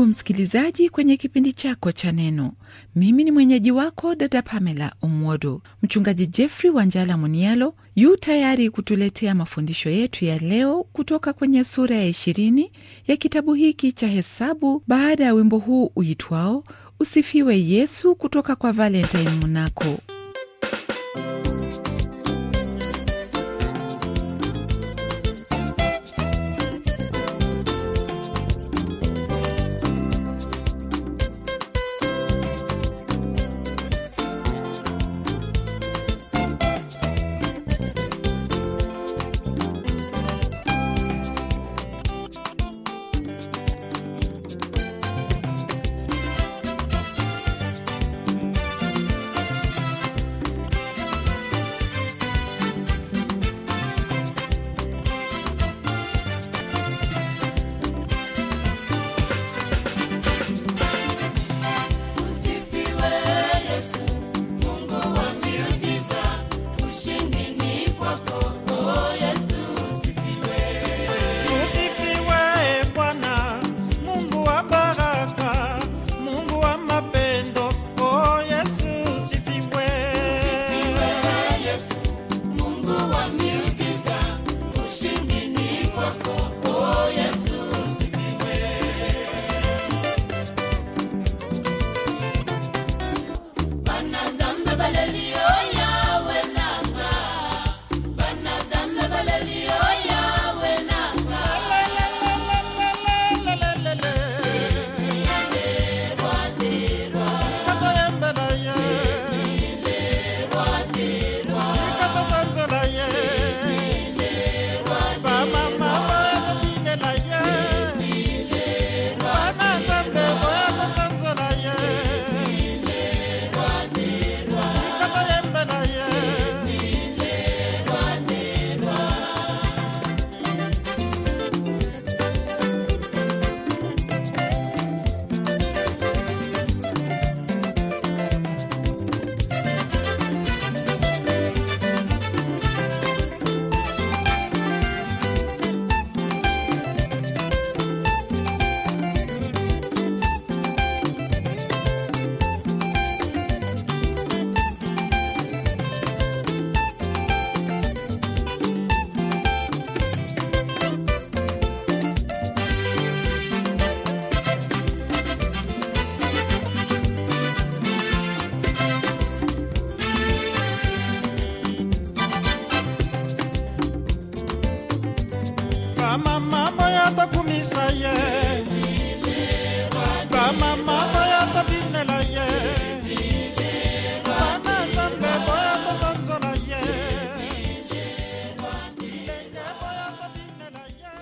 Ndugu msikilizaji, kwenye kipindi chako cha Neno, mimi ni mwenyeji wako dada Pamela Umwodo. Mchungaji Jeffrey Wanjala Munialo yu tayari kutuletea mafundisho yetu ya leo kutoka kwenye sura ya ishirini ya kitabu hiki cha Hesabu, baada ya wimbo huu uitwao Usifiwe Yesu kutoka kwa Valentine Munako.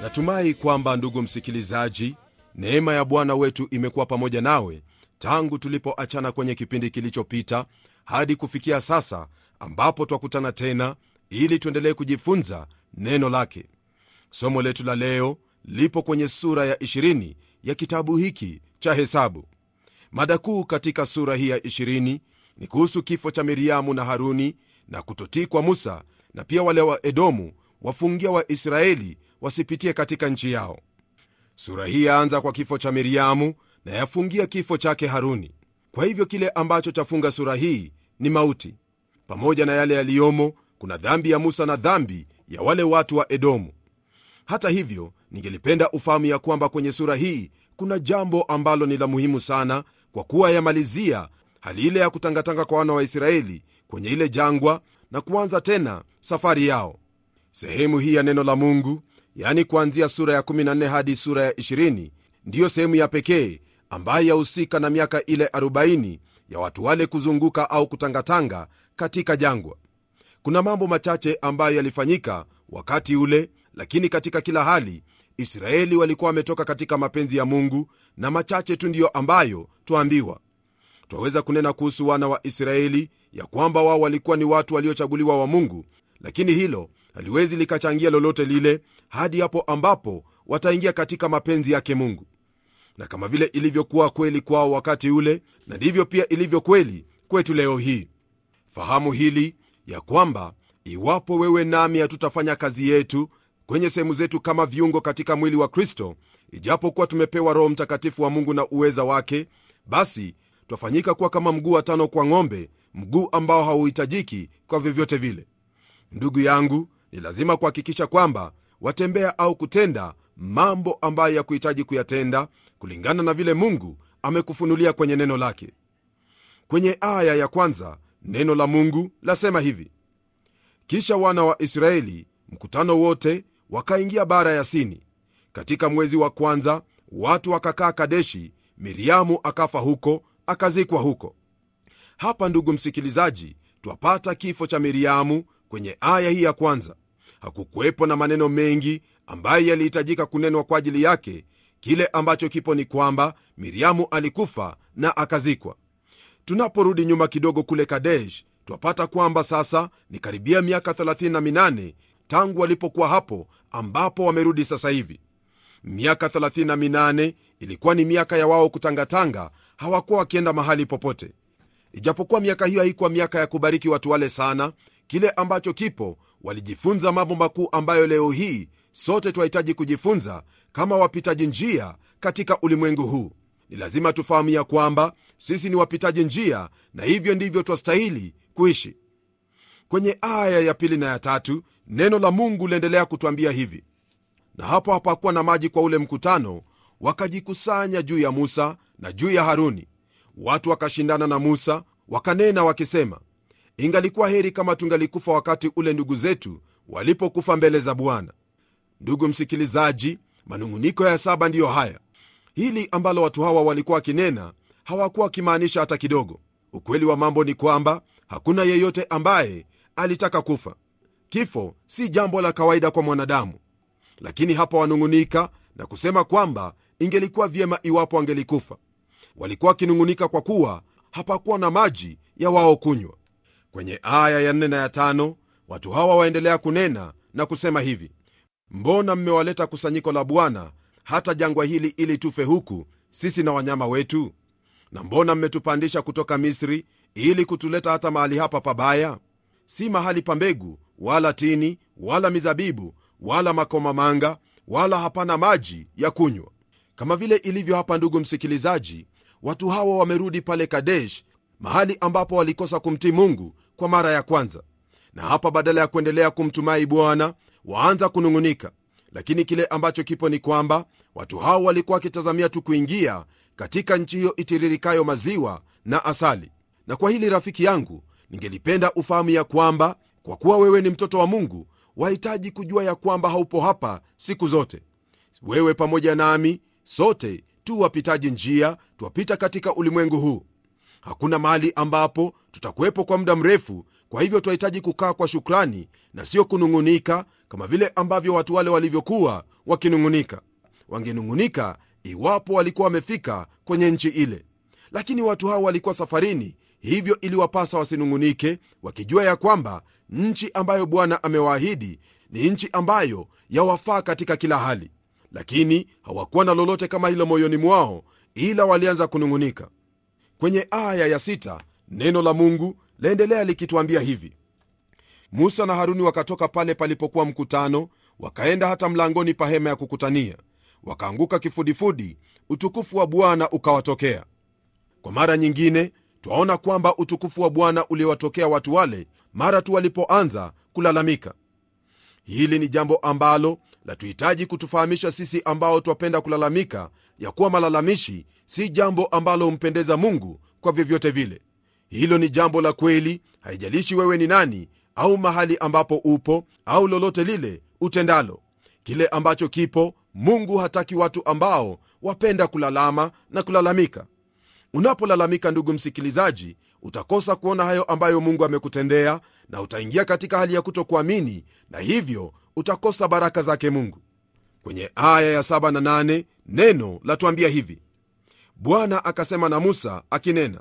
natumai kwamba ndugu msikilizaji neema ya bwana wetu imekuwa pamoja nawe tangu tulipoachana kwenye kipindi kilichopita hadi kufikia sasa ambapo twakutana tena ili tuendelee kujifunza neno lake somo letu la leo lipo kwenye sura ya 20 ya kitabu hiki cha Hesabu. Mada kuu katika sura hii ya 20 ni kuhusu kifo cha Miriamu na Haruni na kutotii kwa Musa, na pia wale wa Edomu wafungia Waisraeli wasipitie katika nchi yao. Sura hii yaanza kwa kifo cha Miriamu na yafungia kifo chake Haruni. Kwa hivyo kile ambacho chafunga sura hii ni mauti. Pamoja na yale yaliyomo, kuna dhambi ya Musa na dhambi ya wale watu wa Edomu. Hata hivyo, ningelipenda ufahamu ya kwamba kwenye sura hii kuna jambo ambalo ni la muhimu sana kwa kuwa yamalizia hali ile ya kutangatanga kwa wana wa Israeli kwenye ile jangwa na kuanza tena safari yao. Sehemu hii ya neno la Mungu, yani kuanzia sura ya 14 hadi sura ya 20, ndiyo sehemu ya pekee ambayo yahusika na miaka ile 40 ya watu wale kuzunguka au kutangatanga katika jangwa. Kuna mambo machache ambayo yalifanyika wakati ule, lakini katika kila hali Israeli walikuwa wametoka katika mapenzi ya Mungu, na machache tu ndiyo ambayo twaambiwa. Twaweza kunena kuhusu wana wa Israeli ya kwamba wao walikuwa ni watu waliochaguliwa wa Mungu, lakini hilo haliwezi likachangia lolote lile hadi hapo ambapo wataingia katika mapenzi yake Mungu. Na kama vile ilivyokuwa kweli kwao wakati ule, na ndivyo pia ilivyo kweli kwetu leo hii. Fahamu hili ya kwamba iwapo wewe nami hatutafanya kazi yetu kwenye sehemu zetu kama viungo katika mwili wa Kristo, ijapokuwa tumepewa Roho Mtakatifu wa Mungu na uweza wake, basi twafanyika kuwa kama mguu wa tano kwa ng'ombe, mguu ambao hauhitajiki kwa vyovyote vile. Ndugu yangu, ni lazima kuhakikisha kwamba watembea au kutenda mambo ambayo ya kuhitaji kuyatenda kulingana na vile Mungu amekufunulia kwenye neno lake. Kwenye aya ya kwanza neno la Mungu lasema hivi: kisha wana wa Israeli mkutano wote wakaingia bara ya Sini. Katika mwezi wa kwanza watu wakakaa Kadeshi. Miriamu akafa huko, akazikwa huko. Hapa ndugu msikilizaji, twapata kifo cha Miriamu kwenye aya hii ya kwanza. Hakukuwepo na maneno mengi ambayo yalihitajika kunenwa kwa ajili yake. Kile ambacho kipo ni kwamba Miriamu alikufa na akazikwa. Tunaporudi nyuma kidogo kule Kadesh, twapata kwamba sasa ni karibia miaka 38 tangu walipokuwa hapo ambapo wamerudi sasa hivi miaka 38 ilikuwa ni miaka ya wao kutangatanga hawakuwa wakienda mahali popote ijapokuwa miaka hiyo haikuwa miaka ya kubariki watu wale sana kile ambacho kipo walijifunza mambo makuu ambayo leo hii sote twahitaji kujifunza kama wapitaji njia katika ulimwengu huu ni lazima tufahamu ya kwamba sisi ni wapitaji njia na hivyo ndivyo twastahili kuishi kwenye aya ya pili na ya tatu neno la mungu liendelea kutwambia hivi na hapo hapakuwa na maji kwa ule mkutano wakajikusanya juu ya musa na juu ya haruni watu wakashindana na musa wakanena wakisema ingalikuwa heri kama tungalikufa wakati ule ndugu zetu walipokufa mbele za bwana ndugu msikilizaji manung'uniko ya saba ndiyo haya hili ambalo watu hawa walikuwa wakinena hawakuwa wakimaanisha hata kidogo ukweli wa mambo ni kwamba hakuna yeyote ambaye alitaka kufa kifo si jambo la kawaida kwa mwanadamu lakini hapa wanung'unika na kusema kwamba ingelikuwa vyema iwapo angelikufa walikuwa wakinung'unika kwa kuwa hapakuwa na maji ya wao kunywa kwenye aya ya 4 na ya tano watu hawa waendelea kunena na kusema hivi mbona mmewaleta kusanyiko la bwana hata jangwa hili ili tufe huku sisi na wanyama wetu na mbona mmetupandisha kutoka misri ili kutuleta hata mahali hapa pabaya si mahali pa mbegu wala tini wala mizabibu wala makomamanga wala hapana maji ya kunywa kama vile ilivyo hapa ndugu msikilizaji watu hawa wamerudi pale kadesh mahali ambapo walikosa kumtii mungu kwa mara ya kwanza na hapa badala ya kuendelea kumtumai bwana waanza kunung'unika lakini kile ambacho kipo ni kwamba watu hao walikuwa wakitazamia tu kuingia katika nchi hiyo itiririkayo maziwa na asali na kwa hili rafiki yangu ningelipenda ufahamu ya kwamba kwa kuwa wewe ni mtoto wa Mungu, wahitaji kujua ya kwamba haupo hapa siku zote. Wewe pamoja nami sote tu wapitaji njia, twapita katika ulimwengu huu. Hakuna mahali ambapo tutakuwepo kwa muda mrefu. Kwa hivyo twahitaji kukaa kwa shukrani na sio kunung'unika, kama vile ambavyo watu wale walivyokuwa wakinung'unika. Wangenung'unika iwapo walikuwa wamefika kwenye nchi ile, lakini watu hao walikuwa safarini hivyo iliwapasa wasinung'unike wakijua ya kwamba nchi ambayo bwana amewaahidi ni nchi ambayo yawafaa katika kila hali lakini hawakuwa na lolote kama hilo moyoni mwao ila walianza kunung'unika kwenye aya ya sita neno la mungu laendelea likituambia hivi musa na haruni wakatoka pale palipokuwa mkutano wakaenda hata mlangoni pa hema ya kukutania wakaanguka kifudifudi utukufu wa bwana ukawatokea kwa mara nyingine twaona kwamba utukufu wa Bwana uliwatokea watu wale mara tu walipoanza kulalamika. Hili ni jambo ambalo latuhitaji kutufahamisha sisi ambao twapenda kulalamika, ya kuwa malalamishi si jambo ambalo humpendeza Mungu kwa vyovyote vile. Hilo ni jambo la kweli, haijalishi wewe ni nani au mahali ambapo upo au lolote lile utendalo. Kile ambacho kipo, Mungu hataki watu ambao wapenda kulalama na kulalamika. Unapolalamika ndugu msikilizaji, utakosa kuona hayo ambayo Mungu amekutendea na utaingia katika hali ya kutokuamini, na hivyo utakosa baraka zake Mungu. Kwenye aya ya saba na nane neno latuambia hivi: Bwana akasema na Musa akinena,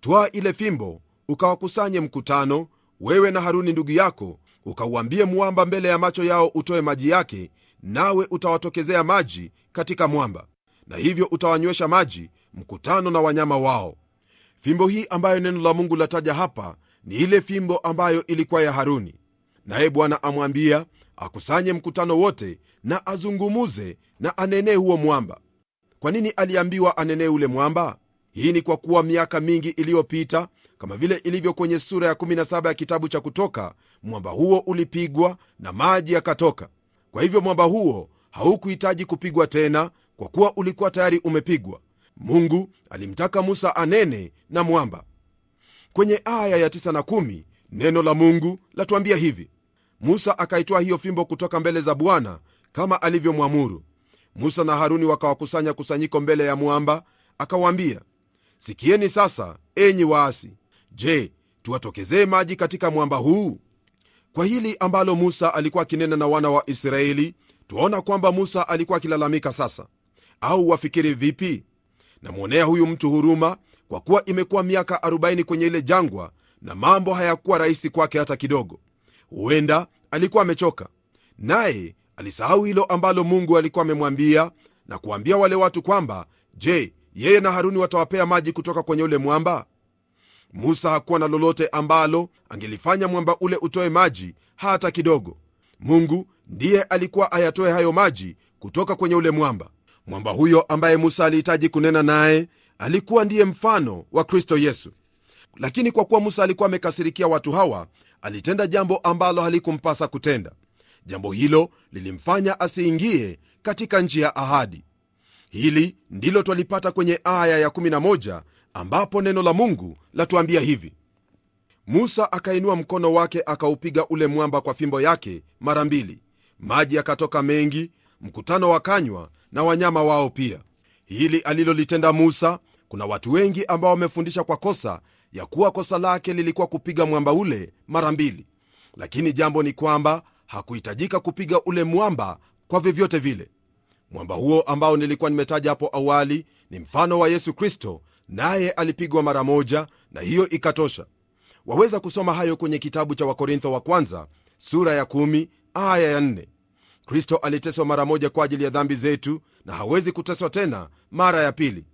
twaa ile fimbo ukawakusanye mkutano, wewe na Haruni ndugu yako, ukauambie mwamba mbele ya macho yao utoe maji yake, nawe utawatokezea maji katika mwamba, na hivyo utawanywesha maji mkutano na wanyama wao fimbo hii ambayo neno la mungu lataja hapa ni ile fimbo ambayo ilikuwa ya haruni naye bwana amwambia akusanye mkutano wote na azungumuze na anenee huo mwamba kwa nini aliambiwa anenee ule mwamba hii ni kwa kuwa miaka mingi iliyopita kama vile ilivyo kwenye sura ya 17 ya kitabu cha kutoka mwamba huo ulipigwa na maji yakatoka kwa hivyo mwamba huo haukuhitaji kupigwa tena kwa kuwa ulikuwa tayari umepigwa mungu alimtaka musa anene na mwamba kwenye aya ya 9 na 1 neno la mungu latuambia hivi musa akaitwa hiyo fimbo kutoka mbele za bwana kama alivyomwamuru musa na haruni wakawakusanya kusanyiko mbele ya mwamba akawaambia sikieni sasa enyi waasi je tuwatokezee maji katika mwamba huu kwa hili ambalo musa alikuwa akinena na wana wa israeli twaona kwamba musa alikuwa akilalamika sasa au wafikiri vipi namwonea huyu mtu huruma kwa kuwa imekuwa miaka 40 kwenye ile jangwa na mambo hayakuwa rahisi kwake hata kidogo huenda alikuwa amechoka naye alisahau hilo ambalo mungu alikuwa amemwambia na kuambia wale watu kwamba je yeye na haruni watawapea maji kutoka kwenye ule mwamba musa hakuwa na lolote ambalo angelifanya mwamba ule utoe maji hata kidogo mungu ndiye alikuwa ayatoe hayo maji kutoka kwenye ule mwamba mwamba huyo ambaye musa alihitaji kunena naye alikuwa ndiye mfano wa kristo yesu lakini kwa kuwa musa alikuwa amekasirikia watu hawa alitenda jambo ambalo halikumpasa kutenda jambo hilo lilimfanya asiingie katika nchi ya ahadi hili ndilo twalipata kwenye aya ya11 ambapo neno la mungu latuambia hivi musa akainua mkono wake akaupiga ule mwamba kwa fimbo yake mara mbili maji yakatoka mengi mkutano wakanywa na wanyama wao pia. Hili alilolitenda Musa, kuna watu wengi ambao wamefundisha kwa kosa ya kuwa kosa lake lilikuwa kupiga mwamba ule mara mbili, lakini jambo ni kwamba hakuhitajika kupiga ule mwamba kwa vyovyote vile. Mwamba huo ambao nilikuwa nimetaja hapo awali ni mfano wa Yesu Kristo, naye alipigwa mara moja na hiyo ikatosha. Waweza kusoma hayo kwenye kitabu cha Wakorintho wa kwanza sura ya 1 aya ya kristo aliteswa mara moja kwa ajili ya dhambi zetu na hawezi kuteswa tena mara ya pili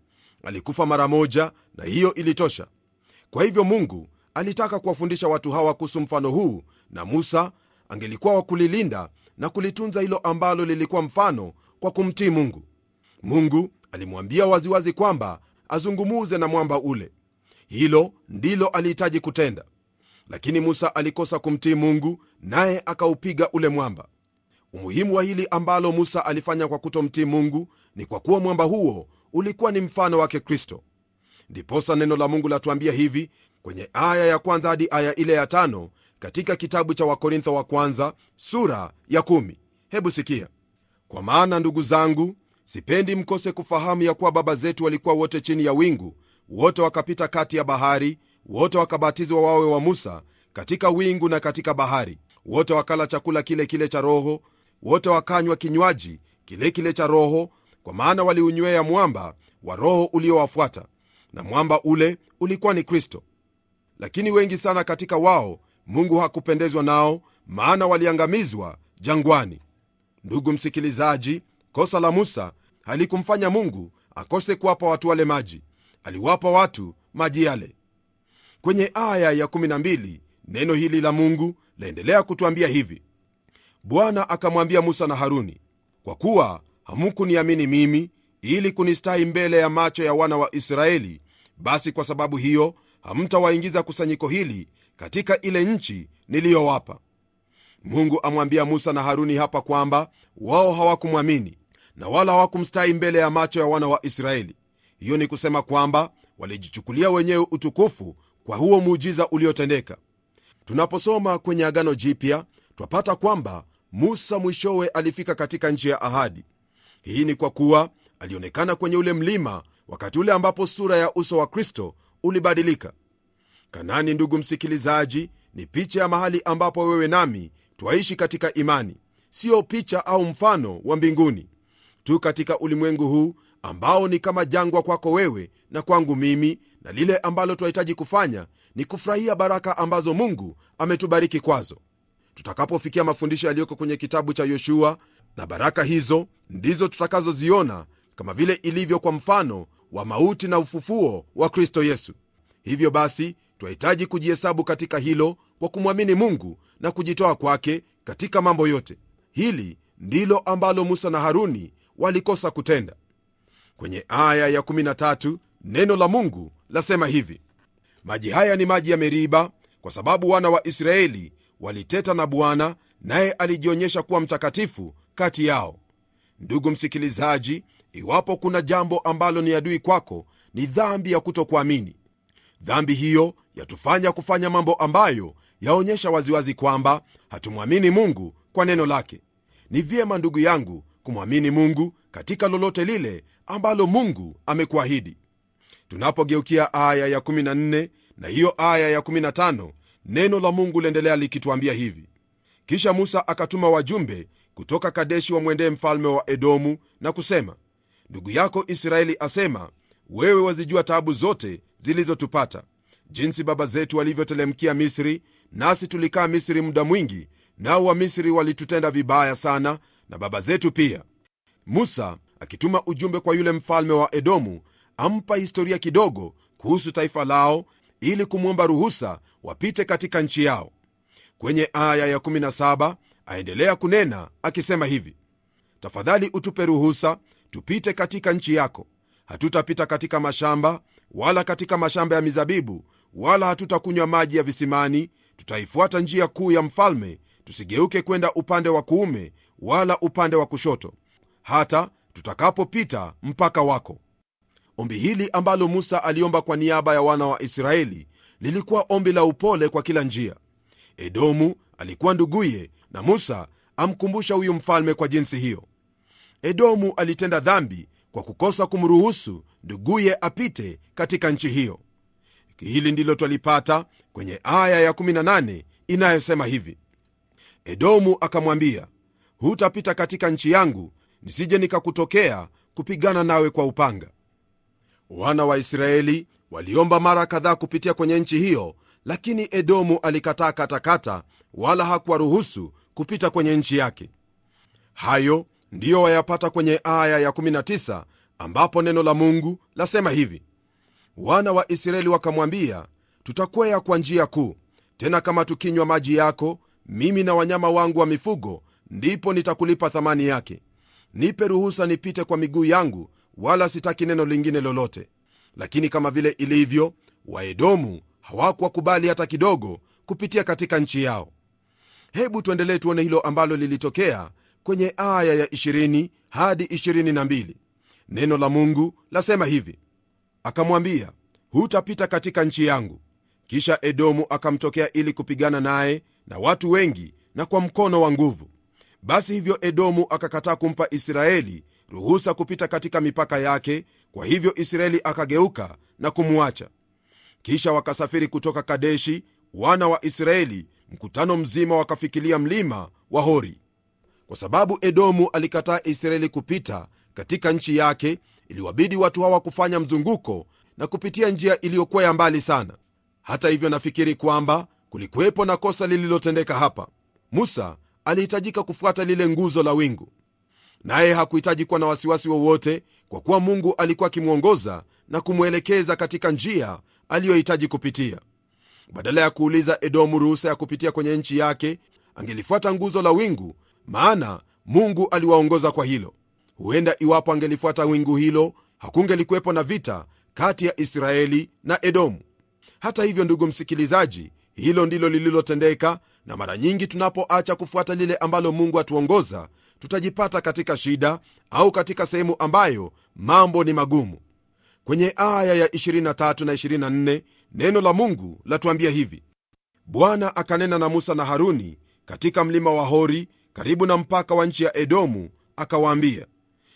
alikufa mara moja na hiyo ilitosha kwa hivyo mungu alitaka kuwafundisha watu hawa kuhusu mfano huu na musa angelikuwa wa kulilinda na kulitunza hilo ambalo lilikuwa mfano kwa kumtii mungu mungu alimwambia waziwazi kwamba azungumuze na mwamba ule hilo ndilo alihitaji kutenda lakini musa alikosa kumtii mungu naye akaupiga ule mwamba umuhimu wa hili ambalo musa alifanya kwa kutomtii mungu ni kwa kuwa mwamba huo ulikuwa ni mfano wake kristo ndiposa neno la mungu latuambia hivi kwenye aya ya kwanza hadi aya ile ya tano katika kitabu cha wakorintho wa kwanza sura ya kumi hebu sikia kwa maana ndugu zangu sipendi mkose kufahamu ya kuwa baba zetu walikuwa wote chini ya wingu wote wakapita kati ya bahari wote wakabatizwa wawe wa musa katika wingu na katika bahari wote wakala chakula kile kile cha roho wote wakanywa kinywaji kile kile cha roho kwa maana waliunywea mwamba wa roho uliowafuata na mwamba ule ulikuwa ni kristo lakini wengi sana katika wao mungu hakupendezwa nao maana waliangamizwa jangwani ndugu msikilizaji kosa la musa halikumfanya mungu akose kuwapa watu wale maji aliwapa watu maji yale kwenye aya ya 12 neno hili la mungu laendelea kutwambia hivi bwana akamwambia musa na haruni kwa kuwa hamukuniamini mimi ili kunistahi mbele ya macho ya wana wa israeli basi kwa sababu hiyo hamtawaingiza kusanyiko hili katika ile nchi niliyowapa mungu amwambia musa na haruni hapa kwamba wao hawakumwamini na wala hawakumstahi mbele ya macho ya wana wa israeli hiyo ni kusema kwamba walijichukulia wenyewe utukufu kwa huo muujiza uliotendeka tunaposoma kwenye agano jipya twapata kwamba musa mwishowe alifika katika nchi ya ahadi hii ni kwa kuwa alionekana kwenye ule mlima wakati ule ambapo sura ya uso wa kristo ulibadilika kanani ndugu msikilizaji ni picha ya mahali ambapo wewe nami twaishi katika imani siyo picha au mfano wa mbinguni tu katika ulimwengu huu ambao ni kama jangwa kwako wewe na kwangu mimi na lile ambalo twahitaji kufanya ni kufurahia baraka ambazo mungu ametubariki kwazo tutakapofikia mafundisho yaliyoko kwenye kitabu cha yoshua na baraka hizo ndizo tutakazoziona kama vile ilivyo kwa mfano wa mauti na ufufuo wa kristo yesu hivyo basi twahitaji kujihesabu katika hilo kwa kumwamini mungu na kujitoa kwake katika mambo yote hili ndilo ambalo musa na haruni walikosa kutenda kwenye aya ya 13 neno la mungu lasema hivi maji haya ni maji ya meriba kwa sababu wana wa israeli waliteta na Bwana, naye alijionyesha kuwa mtakatifu kati yao. Ndugu msikilizaji, iwapo kuna jambo ambalo ni adui kwako, ni dhambi ya kutokuamini. Dhambi hiyo yatufanya kufanya mambo ambayo yaonyesha waziwazi kwamba hatumwamini Mungu kwa neno lake. Ni vyema ndugu yangu kumwamini Mungu katika lolote lile ambalo Mungu amekuahidi. Tunapogeukia aya ya 14 na hiyo aya ya Neno la Mungu liendelea likituambia hivi: kisha Musa akatuma wajumbe kutoka Kadeshi wamwendee mfalme wa Edomu na kusema, ndugu yako Israeli asema, wewe wazijua taabu zote zilizotupata, jinsi baba zetu walivyotelemkia Misri, nasi tulikaa Misri muda mwingi, nao Wamisri walitutenda vibaya sana, na baba zetu pia. Musa akituma ujumbe kwa yule mfalme wa Edomu ampa historia kidogo kuhusu taifa lao ili kumwomba ruhusa wapite katika nchi yao kwenye aya ya 17 aendelea kunena akisema hivi tafadhali utupe ruhusa tupite katika nchi yako hatutapita katika mashamba wala katika mashamba ya mizabibu wala hatutakunywa maji ya visimani tutaifuata njia kuu ya mfalme tusigeuke kwenda upande wa kuume wala upande wa kushoto hata tutakapopita mpaka wako ombi hili ambalo musa aliomba kwa niaba ya wana wa israeli lilikuwa ombi la upole kwa kila njia. Edomu alikuwa nduguye, na Musa amkumbusha huyu mfalme kwa jinsi hiyo. Edomu alitenda dhambi kwa kukosa kumruhusu nduguye apite katika nchi hiyo. Hili ndilo twalipata kwenye aya ya 18 inayosema hivi: Edomu akamwambia, hutapita katika nchi yangu, nisije nikakutokea kupigana nawe kwa upanga. Wana wa Israeli Waliomba mara kadhaa kupitia kwenye nchi hiyo, lakini Edomu alikataa katakata, wala hakuwaruhusu kupita kwenye nchi yake. Hayo ndiyo wayapata kwenye aya ya 19 ambapo neno la Mungu lasema hivi: wana wa Israeli wakamwambia, tutakwea kwa njia kuu, tena kama tukinywa maji yako, mimi na wanyama wangu wa mifugo, ndipo nitakulipa thamani yake. Nipe ruhusa nipite kwa miguu yangu, wala sitaki neno lingine lolote lakini kama vile ilivyo Waedomu hawakuwakubali hata kidogo kupitia katika nchi yao. Hebu tuendelee tuone hilo ambalo lilitokea kwenye aya ya 20 hadi 22. Neno la Mungu lasema hivi: akamwambia hutapita katika nchi yangu. Kisha Edomu akamtokea ili kupigana naye na watu wengi na kwa mkono wa nguvu. Basi hivyo Edomu akakataa kumpa Israeli ruhusa kupita katika mipaka yake, kwa hivyo israeli akageuka na kumwacha kisha wakasafiri kutoka kadeshi wana wa israeli mkutano mzima wakafikilia mlima wa hori kwa sababu edomu alikataa israeli kupita katika nchi yake iliwabidi watu hawa kufanya mzunguko na kupitia njia iliyokuwa ya mbali sana hata hivyo nafikiri kwamba kulikuwepo na kosa lililotendeka hapa musa alihitajika kufuata lile nguzo la wingu naye hakuhitaji kuwa na wasiwasi wowote kwa kuwa mungu alikuwa akimwongoza na kumwelekeza katika njia aliyohitaji kupitia badala ya kuuliza edomu ruhusa ya kupitia kwenye nchi yake angelifuata nguzo la wingu maana mungu aliwaongoza kwa hilo huenda iwapo angelifuata wingu hilo hakungelikuwepo na vita kati ya israeli na edomu hata hivyo ndugu msikilizaji hilo ndilo lililotendeka na mara nyingi tunapoacha kufuata lile ambalo mungu atuongoza tutajipata katika shida au katika sehemu ambayo mambo ni magumu kwenye aya ya 23 na 24 neno la mungu latuambia hivi bwana akanena na musa na haruni katika mlima wa hori karibu na mpaka wa nchi ya edomu akawaambia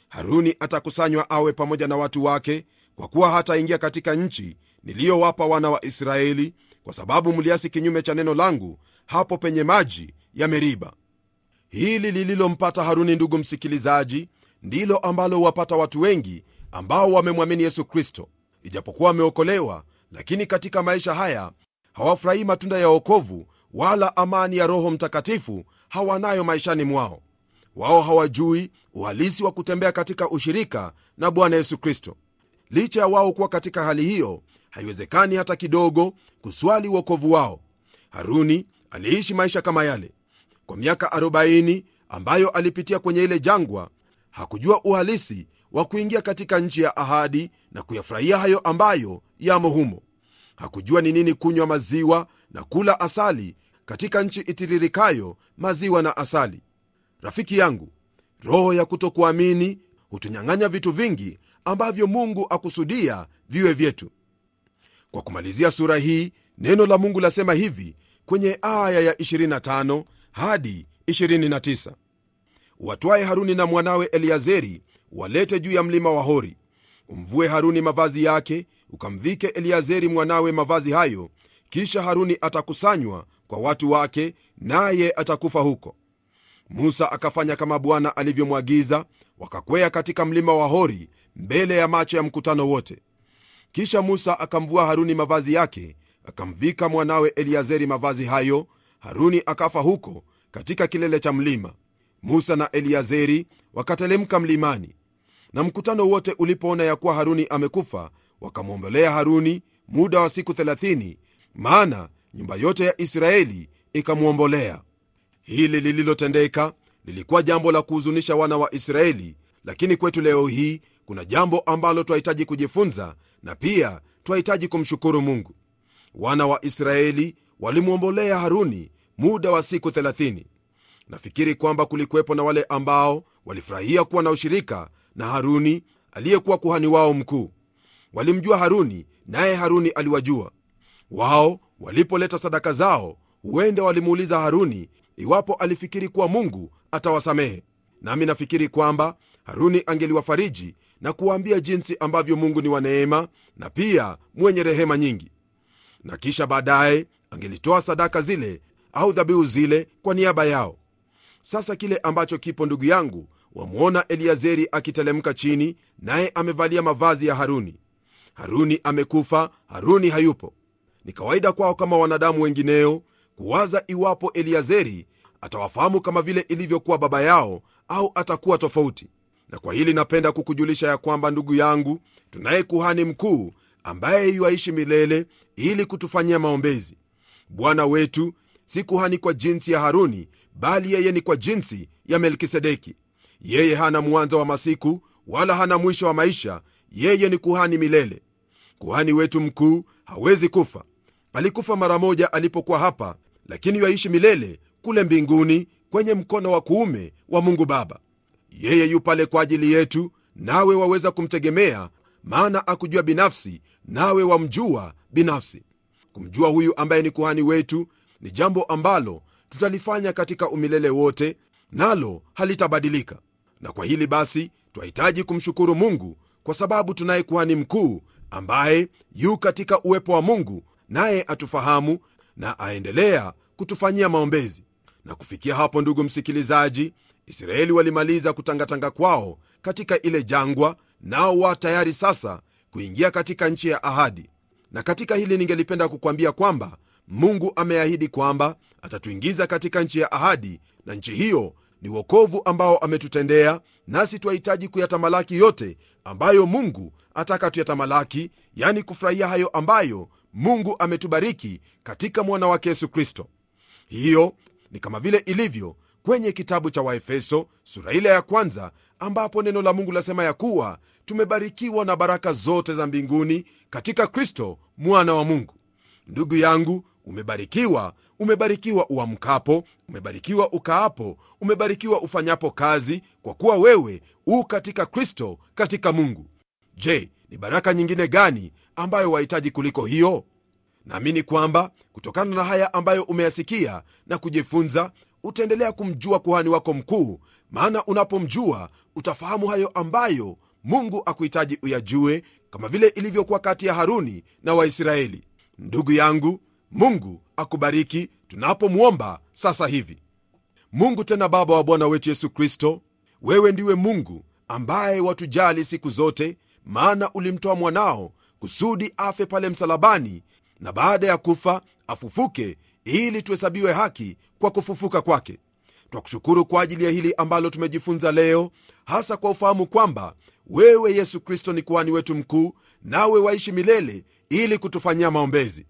haruni atakusanywa awe pamoja na watu wake kwa kuwa hataingia katika nchi niliyowapa wana wa israeli kwa sababu mliasi kinyume cha neno langu hapo penye maji ya Meriba. Hili lililompata Haruni, ndugu msikilizaji, ndilo ambalo huwapata watu wengi ambao wamemwamini Yesu Kristo. Ijapokuwa wameokolewa, lakini katika maisha haya hawafurahii matunda ya wokovu, wala amani ya Roho Mtakatifu hawanayo maishani mwao. Wao hawajui uhalisi wa kutembea katika ushirika na Bwana Yesu Kristo. Licha ya wao kuwa katika hali hiyo, haiwezekani hata kidogo kuswali uokovu wao. Haruni aliishi maisha kama yale kwa miaka 40 ambayo alipitia kwenye ile jangwa hakujua uhalisi wa kuingia katika nchi ya ahadi na kuyafurahia hayo ambayo yamo humo hakujua ni nini kunywa maziwa na kula asali katika nchi itiririkayo maziwa na asali rafiki yangu roho ya kutokuamini hutunyang'anya vitu vingi ambavyo mungu akusudia viwe vyetu kwa kumalizia sura hii neno la mungu lasema hivi kwenye aya ya 25 hadi 29 watwaye haruni na mwanawe eliazeri walete juu ya mlima wa hori umvue haruni mavazi yake ukamvike eliazeri mwanawe mavazi hayo kisha haruni atakusanywa kwa watu wake naye atakufa huko musa akafanya kama bwana alivyomwagiza wakakwea katika mlima wa hori mbele ya macho ya mkutano wote kisha musa akamvua haruni mavazi yake akamvika mwanawe Eliazeri mavazi hayo. Haruni akafa huko katika kilele cha mlima. Musa na Eliazeri wakatelemka mlimani, na mkutano wote ulipoona ya kuwa Haruni amekufa, wakamwombolea Haruni muda wa siku 30, maana nyumba yote ya Israeli ikamwombolea. Hili lililotendeka lilikuwa jambo la kuhuzunisha wana wa Israeli, lakini kwetu leo hii kuna jambo ambalo twahitaji kujifunza na pia twahitaji kumshukuru Mungu wana wa Israeli walimwombolea Haruni muda wa siku 30. Nafikiri kwamba kulikuwepo na wale ambao walifurahia kuwa na ushirika na Haruni aliyekuwa kuhani wao mkuu. Walimjua Haruni naye Haruni aliwajua wao. Walipoleta sadaka zao, huenda walimuuliza Haruni iwapo alifikiri kuwa Mungu atawasamehe. Nami nafikiri kwamba Haruni angeliwafariji na kuwaambia jinsi ambavyo Mungu ni wa neema na pia mwenye rehema nyingi na kisha baadaye angelitoa sadaka zile au dhabihu zile kwa niaba yao sasa kile ambacho kipo ndugu yangu wamwona eliazeri akitelemka chini naye amevalia mavazi ya haruni haruni amekufa haruni hayupo ni kawaida kwao kama wanadamu wengineo kuwaza iwapo eliazeri atawafahamu kama vile ilivyokuwa baba yao au atakuwa tofauti na kwa hili napenda kukujulisha ya kwamba ndugu yangu tunaye kuhani mkuu ambaye yuaishi milele ili kutufanyia maombezi. Bwana wetu si kuhani kwa jinsi ya Haruni, bali yeye ni kwa jinsi ya Melkisedeki. Yeye hana mwanza wa masiku wala hana mwisho wa maisha. Yeye ni kuhani milele. Kuhani wetu mkuu hawezi kufa. Alikufa mara moja alipokuwa hapa, lakini yaishi milele kule mbinguni kwenye mkono wa kuume wa Mungu Baba. Yeye yu pale kwa ajili yetu, nawe waweza kumtegemea, maana akujua binafsi nawe wamjua binafsi kumjua huyu ambaye ni kuhani wetu ni jambo ambalo tutalifanya katika umilele wote nalo halitabadilika na kwa hili basi twahitaji kumshukuru mungu kwa sababu tunaye kuhani mkuu ambaye yu katika uwepo wa mungu naye atufahamu na aendelea kutufanyia maombezi na kufikia hapo ndugu msikilizaji israeli walimaliza kutangatanga kwao katika ile jangwa nao wa tayari sasa kuingia katika nchi ya ahadi na katika hili ningelipenda kukwambia kwamba mungu ameahidi kwamba atatuingiza katika nchi ya ahadi na nchi hiyo ni wokovu ambao ametutendea nasi twahitaji kuyatamalaki yote ambayo mungu ataka tuyatamalaki yani kufurahia hayo ambayo mungu ametubariki katika mwana wake yesu kristo hiyo ni kama vile ilivyo kwenye kitabu cha waefeso sura ile ya kwanza ambapo neno la mungu lasema ya kuwa tumebarikiwa na baraka zote za mbinguni katika kristo mwana wa mungu ndugu yangu umebarikiwa umebarikiwa uamkapo umebarikiwa ukaapo umebarikiwa ufanyapo kazi kwa kuwa wewe u katika kristo katika mungu je ni baraka nyingine gani ambayo wahitaji kuliko hiyo naamini kwamba kutokana na haya ambayo umeyasikia na kujifunza utaendelea kumjua kuhani wako mkuu maana unapomjua utafahamu hayo ambayo mungu akuhitaji uyajue kama vile ilivyokuwa kati ya haruni na waisraeli ndugu yangu mungu akubariki tunapomwomba sasa hivi mungu tena baba wa bwana wetu yesu kristo wewe ndiwe mungu ambaye watujali siku zote maana ulimtoa mwanao kusudi afe pale msalabani na baada ya kufa afufuke ili tuhesabiwe haki kwa kufufuka kwake twakushukuru kwa ajili ya hili ambalo tumejifunza leo hasa kwa ufahamu kwamba wewe yesu kristo ni kuhani wetu mkuu nawe waishi milele ili kutufanyia maombezi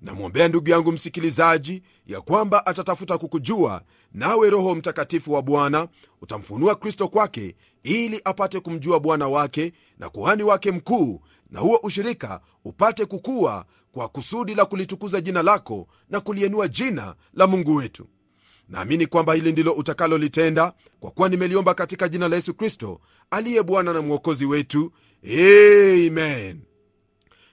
namwombea ndugu yangu msikilizaji ya kwamba atatafuta kukujua nawe roho mtakatifu wa bwana utamfunua kristo kwake ili apate kumjua bwana wake na kuhani wake mkuu na huo ushirika upate kukuwa kwa kusudi la kulitukuza jina lako na kulienua jina la mungu wetu naamini kwamba hili ndilo utakalolitenda kwa kuwa nimeliomba katika jina la yesu kristo aliye bwana na mwokozi wetu amen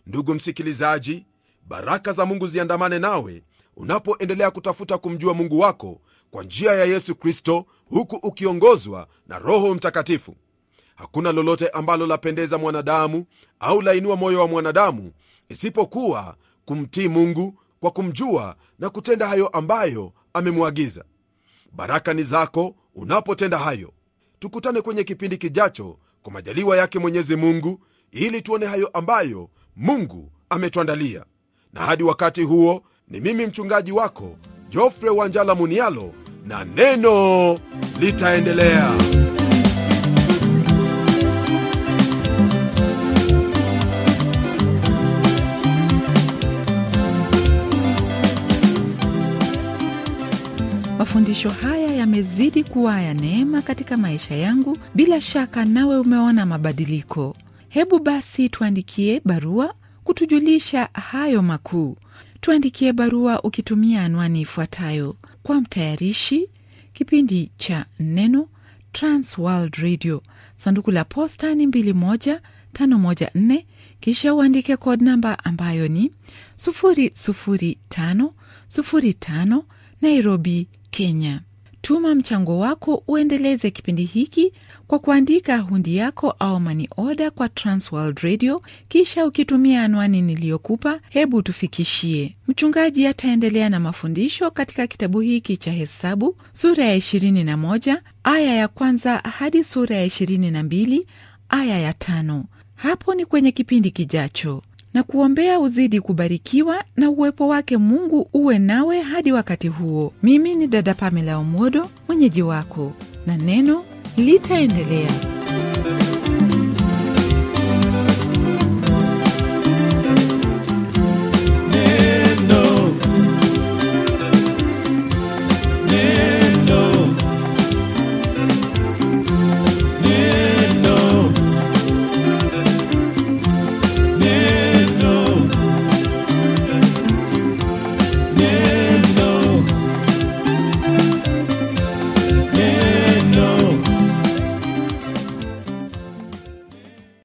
ndugu msikilizaji baraka za mungu ziandamane nawe unapoendelea kutafuta kumjua mungu wako kwa njia ya yesu kristo huku ukiongozwa na roho mtakatifu hakuna lolote ambalo lapendeza mwanadamu au lainua moyo wa mwanadamu isipokuwa kumtii mungu kwa kumjua na kutenda hayo ambayo amemwagiza. Baraka ni zako unapotenda hayo. Tukutane kwenye kipindi kijacho, kwa majaliwa yake Mwenyezi Mungu, ili tuone hayo ambayo Mungu ametuandalia. Na hadi wakati huo, ni mimi mchungaji wako Jofre Wanjala Munialo, na neno litaendelea. Mafundisho haya yamezidi kuwa ya neema katika maisha yangu. Bila shaka nawe umeona mabadiliko. Hebu basi tuandikie barua kutujulisha hayo makuu. Tuandikie barua ukitumia anwani ifuatayo: kwa mtayarishi kipindi cha Neno, Transworld Radio, sanduku la posta ni 21514, kisha uandike code namba ambayo ni 00505 Nairobi, Kenya. Tuma mchango wako uendeleze kipindi hiki kwa kuandika hundi yako au mani oda kwa Transworld Radio, kisha ukitumia anwani niliyokupa, hebu tufikishie. Mchungaji ataendelea na mafundisho katika kitabu hiki cha Hesabu sura ya 21 aya ya kwanza hadi sura ya 22 aya ya 5 Hapo ni kwenye kipindi kijacho na kuombea uzidi kubarikiwa na uwepo wake Mungu uwe nawe hadi wakati huo. Mimi ni dada Pamela Omodo, mwenyeji wako, na neno litaendelea.